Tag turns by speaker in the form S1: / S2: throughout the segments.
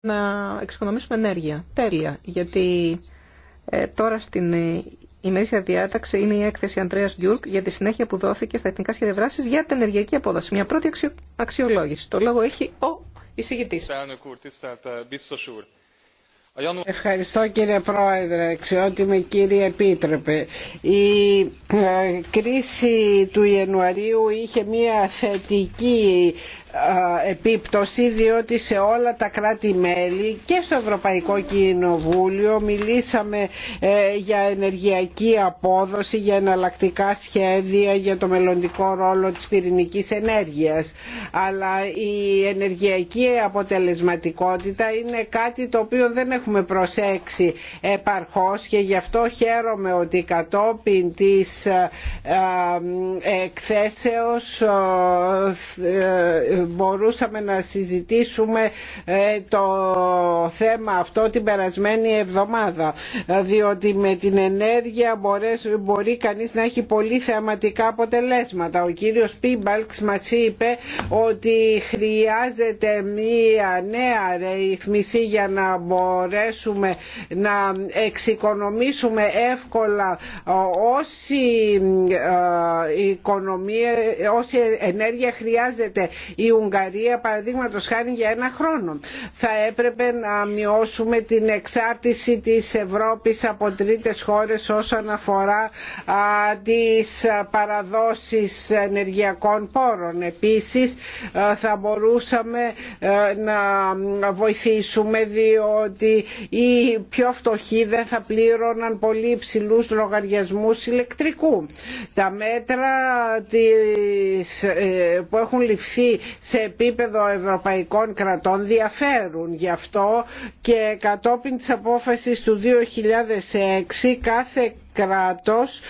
S1: να εξοικονομήσουμε ενέργεια. Τέλεια, γιατί ε, τώρα στην ε, ημερήσια διάταξη είναι η έκθεση Αντρέα Γκιούρκ για τη συνέχεια που δόθηκε στα εθνικά σχέδια δράση για την ενεργειακή απόδοση. Μια πρώτη αξιολόγηση. Το λόγο έχει
S2: ο εισηγητή. Ευχαριστώ κύριε Πρόεδρε, αξιότιμη κύριε Επίτροπε. Η ε, κρίση του Ιανουαρίου είχε μια θετική επίπτωση διότι σε όλα τα κράτη-μέλη και στο Ευρωπαϊκό Κοινοβούλιο μιλήσαμε ε, για ενεργειακή απόδοση, για εναλλακτικά σχέδια, για το μελλοντικό ρόλο της πυρηνικής ενέργειας. Αλλά η ενεργειακή αποτελεσματικότητα είναι κάτι το οποίο δεν έχουμε προσέξει επαρχώς και γι' αυτό χαίρομαι ότι κατόπιν της ε, ε, εκθέσεως μπορούσαμε να συζητήσουμε ε, το θέμα αυτό την περασμένη εβδομάδα ε, διότι με την ενέργεια μπορεί κανείς να έχει πολύ θεαματικά αποτελέσματα. Ο κύριος Πίμπαλξ μας είπε ότι χρειάζεται μία νέα ρυθμισή για να μπορέσουμε να εξοικονομήσουμε εύκολα ε, όση, οικονομία, όση ενέργεια χρειάζεται η Ουγγαρία παραδείγματος χάρη για ένα χρόνο. Θα έπρεπε να μειώσουμε την εξάρτηση της Ευρώπης από τρίτες χώρες όσον αφορά τις παραδόσεις ενεργειακών πόρων. Επίσης θα μπορούσαμε να βοηθήσουμε διότι οι πιο φτωχοί δεν θα πλήρωναν πολύ υψηλούς λογαριασμούς ηλεκτρικού. Τα μέτρα ε, που έχουν ληφθεί σε επίπεδο ευρωπαϊκών κρατών διαφέρουν. Γι' αυτό και κατόπιν της απόφασης του 2006 κάθε κράτος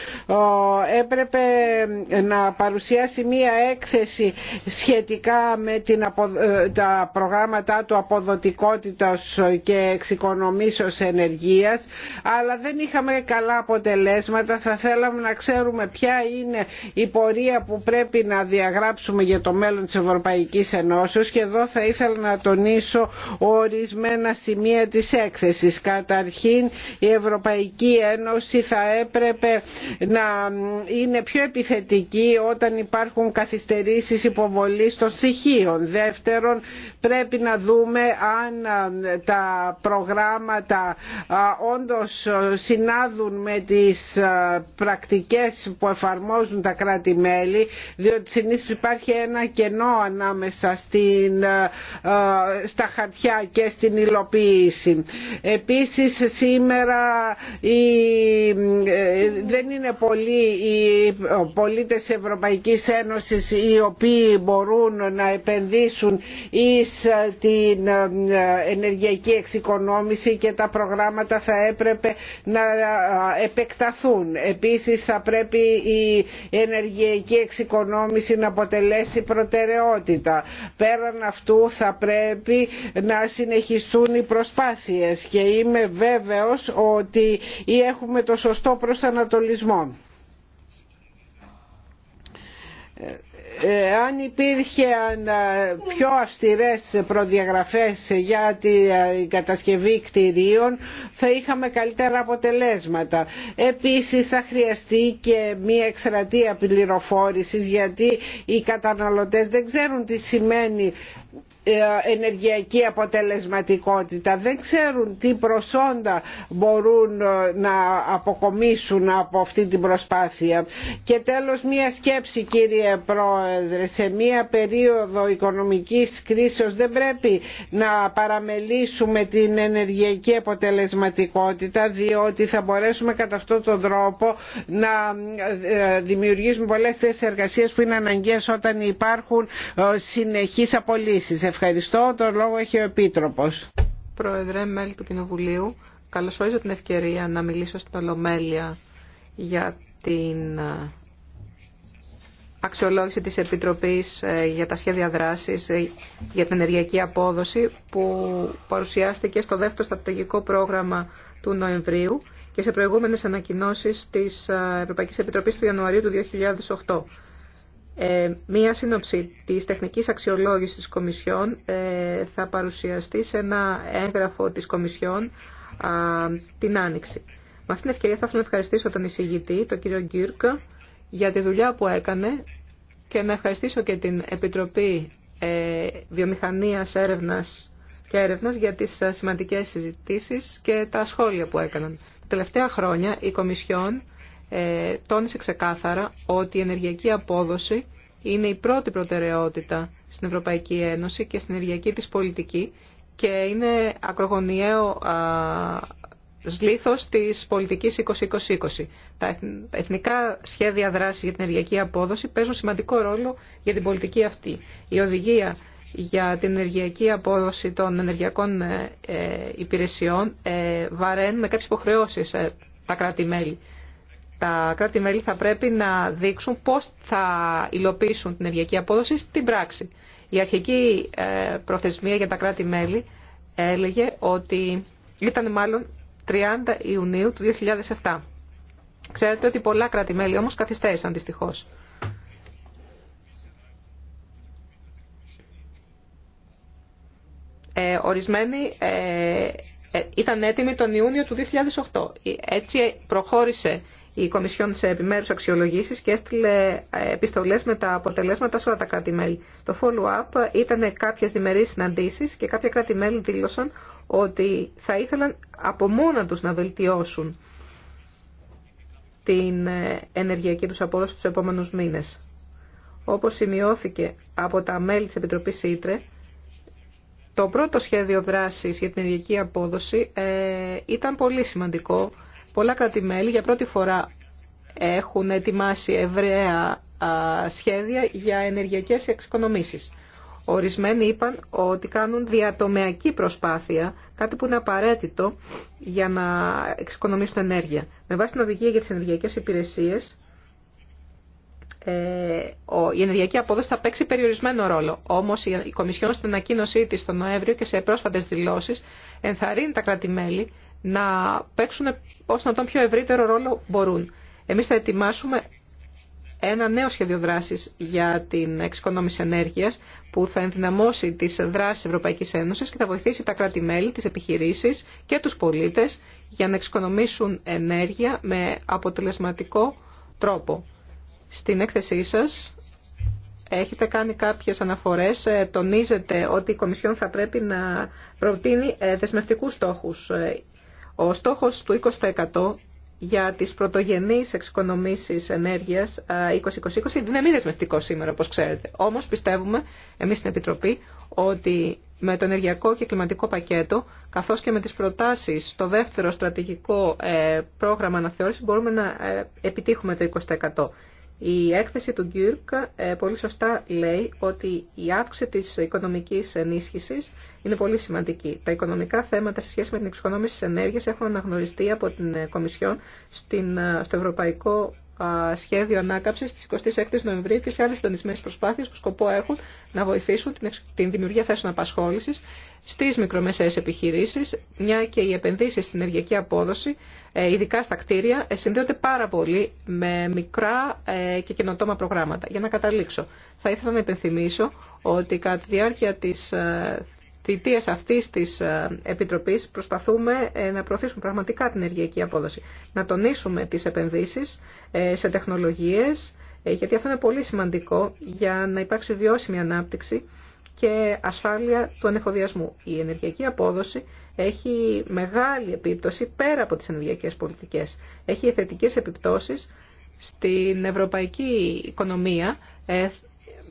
S2: έπρεπε να παρουσιάσει μία έκθεση σχετικά με την ε, τα προγράμματα του αποδοτικότητας και εξοικονομήσεως ενεργείας αλλά δεν είχαμε καλά αποτελέσματα θα θέλαμε να ξέρουμε ποια είναι η πορεία που πρέπει να διαγράψουμε για το μέλλον της Ευρωπαϊκής Ενώσεως και εδώ θα ήθελα να τονίσω ορισμένα σημεία της έκθεσης. Καταρχήν η Ευρωπαϊκή Ένωση θα έπρεπε να είναι πιο επιθετική όταν υπάρχουν καθυστερήσεις υποβολής των στοιχείων. Δεύτερον, πρέπει να δούμε αν τα προγράμματα όντως συνάδουν με τις πρακτικές που εφαρμόζουν τα κράτη-μέλη, διότι συνήθως υπάρχει ένα κενό ανάμεσα στην, στα χαρτιά και στην υλοποίηση. Επίσης σήμερα η δεν είναι πολλοί οι πολίτες Ευρωπαϊκής Ένωσης οι οποίοι μπορούν να επενδύσουν εις ε, την ε, ενεργειακή εξοικονόμηση και τα προγράμματα θα έπρεπε να ε, επεκταθούν. Επίσης θα πρέπει η ενεργειακή εξοικονόμηση να αποτελέσει προτεραιότητα. Πέραν αυτού θα πρέπει να συνεχιστούν οι προσπάθειες και είμαι βέβαιος ότι έχουμε το σωστό προσανατολισμό ε, αν υπήρχε πιο αυστηρές προδιαγραφές για την κατασκευή κτηρίων θα είχαμε καλύτερα αποτελέσματα. Επίσης θα χρειαστεί και μία εξρατεία πληροφόρησης γιατί οι καταναλωτές δεν ξέρουν τι σημαίνει ε, ενεργειακή αποτελεσματικότητα δεν ξέρουν τι προσόντα μπορούν ε, να αποκομίσουν από αυτή την προσπάθεια και τέλος μια σκέψη κύριε Πρόεδρε σε μια περίοδο οικονομικής κρίσεως δεν πρέπει να παραμελήσουμε την ενεργειακή αποτελεσματικότητα διότι θα μπορέσουμε κατά αυτόν τον τρόπο να ε, δημιουργήσουμε πολλές θέσεις εργασίας που είναι αναγκαίες όταν υπάρχουν συνεχείς απολύσεις ευχαριστώ. Το λόγο έχει ο Επίτροπος.
S1: Πρόεδρε, μέλη του Κοινοβουλίου, καλωσορίζω την ευκαιρία να μιλήσω στην Ολομέλεια για την ε, αξιολόγηση της Επιτροπής ε, για τα σχέδια δράσης ε, για την ενεργειακή απόδοση που παρουσιάστηκε στο δεύτερο στρατηγικό πρόγραμμα του Νοεμβρίου και σε προηγούμενες ανακοινώσεις της Ευρωπαϊκής Επιτροπής του Ιανουαρίου του 2008. Ε, μία σύνοψη της τεχνικής αξιολόγησης της Κομισιόν ε, θα παρουσιαστεί σε ένα έγγραφο της Κομισιόν την Άνοιξη. Με αυτήν την ευκαιρία θα ήθελα να ευχαριστήσω τον εισηγητή, τον κύριο Γκύρκ, για τη δουλειά που έκανε και να ευχαριστήσω και την Επιτροπή ε, Βιομηχανίας Έρευνας και Έρευνας για τις σημαντικές συζητήσεις και τα σχόλια που έκαναν. Τα τελευταία χρόνια η Κομισιόν ε, τόνισε ξεκάθαρα ότι η ενεργειακή απόδοση είναι η πρώτη προτεραιότητα στην Ευρωπαϊκή Ένωση και στην ενεργειακή της πολιτική και είναι ακρογωνιαίο σλήθος της πολιτικής 2020. Τα εθνικά σχέδια δράσης για την ενεργειακή απόδοση παίζουν σημαντικό ρόλο για την πολιτική αυτή. Η οδηγία για την ενεργειακή απόδοση των ενεργειακών ε, ε, υπηρεσιών βαραίνει με κάποιες υποχρεώσεις τα κράτη-μέλη τα κράτη-μέλη θα πρέπει να δείξουν πώς θα υλοποιήσουν την ευγειακή απόδοση στην πράξη. Η αρχική ε, προθεσμία για τα κράτη-μέλη έλεγε ότι ήταν μάλλον 30 Ιουνίου του 2007. Ξέρετε ότι πολλά κράτη-μέλη όμως καθυστέρησαν δυστυχώς. Ε, ορισμένοι ε, ε, ήταν έτοιμοι τον Ιούνιο του 2008. Έτσι προχώρησε η Κομισιόν σε επιμέρους αξιολογήσεις και έστειλε ε, επιστολές με τα αποτελέσματα σε όλα τα κράτη-μέλη. Το follow-up ήταν κάποιε διμερεί συναντήσει και κάποια κράτη-μέλη δήλωσαν ότι θα ήθελαν από μόνα του να βελτιώσουν την ε, ενεργειακή τους απόδοση του επόμενους μήνες. Όπως σημειώθηκε από τα μέλη της Επιτροπής Ήτρε, το πρώτο σχέδιο δράσης για την ενεργειακή απόδοση ε, ήταν πολύ σημαντικό Πολλά κράτη-μέλη για πρώτη φορά έχουν ετοιμάσει ευραία σχέδια για ενεργειακές εξοικονομήσεις. Ορισμένοι είπαν ότι κάνουν διατομεακή προσπάθεια, κάτι που είναι απαραίτητο για να εξοικονομήσουν ενέργεια. Με βάση την οδηγία για τις ενεργειακές υπηρεσίες, ε, η ενεργειακή απόδοση θα παίξει περιορισμένο ρόλο. Όμως η Κομισιόν στην ανακοίνωσή της τον Νοέμβριο και σε πρόσφατες δηλώσεις ενθαρρύνει τα κράτη-μέλη να παίξουν όσο να τον πιο ευρύτερο ρόλο μπορούν. Εμείς θα ετοιμάσουμε ένα νέο σχέδιο δράσης για την εξοικονόμηση ενέργειας που θα ενδυναμώσει τις δράσεις Ευρωπαϊκής Ένωσης και θα βοηθήσει τα κράτη-μέλη, τις επιχειρήσεις και τους πολίτες για να εξοικονομήσουν ενέργεια με αποτελεσματικό τρόπο. Στην έκθεσή σας έχετε κάνει κάποιες αναφορές, ε, τονίζετε ότι η Κομισιόν θα πρέπει να προτείνει ε, δεσμευτικούς στόχους ε, ο στόχος του 20% για τις πρωτογενείς εξοικονομήσεις ενέργειας 2020 είναι μη δεσμευτικό σήμερα, όπως ξέρετε. Όμως πιστεύουμε, εμείς στην Επιτροπή, ότι με το ενεργειακό και κλιματικό πακέτο, καθώς και με τις προτάσεις στο δεύτερο στρατηγικό ε, πρόγραμμα αναθεώρησης, μπορούμε να ε, επιτύχουμε το 20%. Η έκθεση του Γκιουρκ ε, πολύ σωστά λέει ότι η αύξηση της οικονομικής ενίσχυσης είναι πολύ σημαντική. Τα οικονομικά θέματα σε σχέση με την εξοικονόμηση της ενέργειας έχουν αναγνωριστεί από την ε, Κομισιόν στην, ε, στο Ευρωπαϊκό σχέδιο ανάκαμψη τη 26η Νοεμβρίου και σε άλλε συντονισμένε προσπάθειε που σκοπό έχουν να βοηθήσουν την δημιουργία θέσεων απασχόληση στι μικρομεσαίε επιχειρήσει, μια και οι επενδύσει στην ενεργειακή απόδοση, ε, ειδικά στα κτίρια, ε, συνδέονται πάρα πολύ με μικρά ε, και καινοτόμα προγράμματα. Για να καταλήξω, θα ήθελα να υπενθυμίσω ότι κατά τη διάρκεια τη θητείας αυτής της ε, Επιτροπής προσπαθούμε ε, να προωθήσουμε πραγματικά την ενεργειακή απόδοση. Να τονίσουμε τις επενδύσεις ε, σε τεχνολογίες, γιατί αυτό είναι πολύ σημαντικό για να υπάρξει βιώσιμη ανάπτυξη και ασφάλεια του ανεφοδιασμού. Η ενεργειακή απόδοση έχει μεγάλη επίπτωση πέρα από τις ενεργειακές πολιτικές. Έχει θετικές επιπτώσεις στην ευρωπαϊκή οικονομία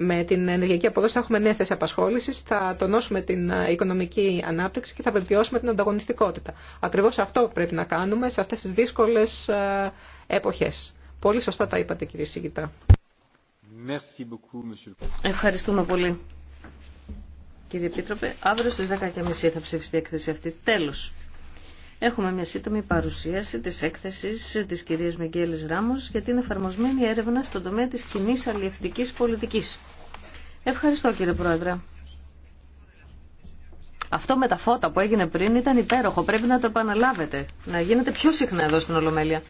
S1: με την ενεργειακή απόδοση θα έχουμε νέε θέσει απασχόληση, θα τονώσουμε την ε, οικονομική ανάπτυξη και θα βελτιώσουμε την ανταγωνιστικότητα. Ακριβώ αυτό πρέπει να κάνουμε σε αυτέ τι δύσκολε ε, εποχέ. Πολύ σωστά τα είπατε, κύριε Σιγητά.
S2: Ευχαριστούμε
S1: πολύ. Κύριε Επίτροπε, αύριο στις 10.30 θα ψηφιστεί η έκθεση αυτή. Τέλος. Έχουμε μια σύντομη παρουσίαση της έκθεσης της κυρίας Μεγγέλης Ράμος για την εφαρμοσμένη έρευνα στον τομέα της κοινή αλληλευτικής πολιτικής. Ευχαριστώ κύριε Πρόεδρε. Αυτό με τα φώτα που έγινε πριν ήταν υπέροχο. Πρέπει να το επαναλάβετε, να γίνεται πιο συχνά εδώ στην Ολομέλεια.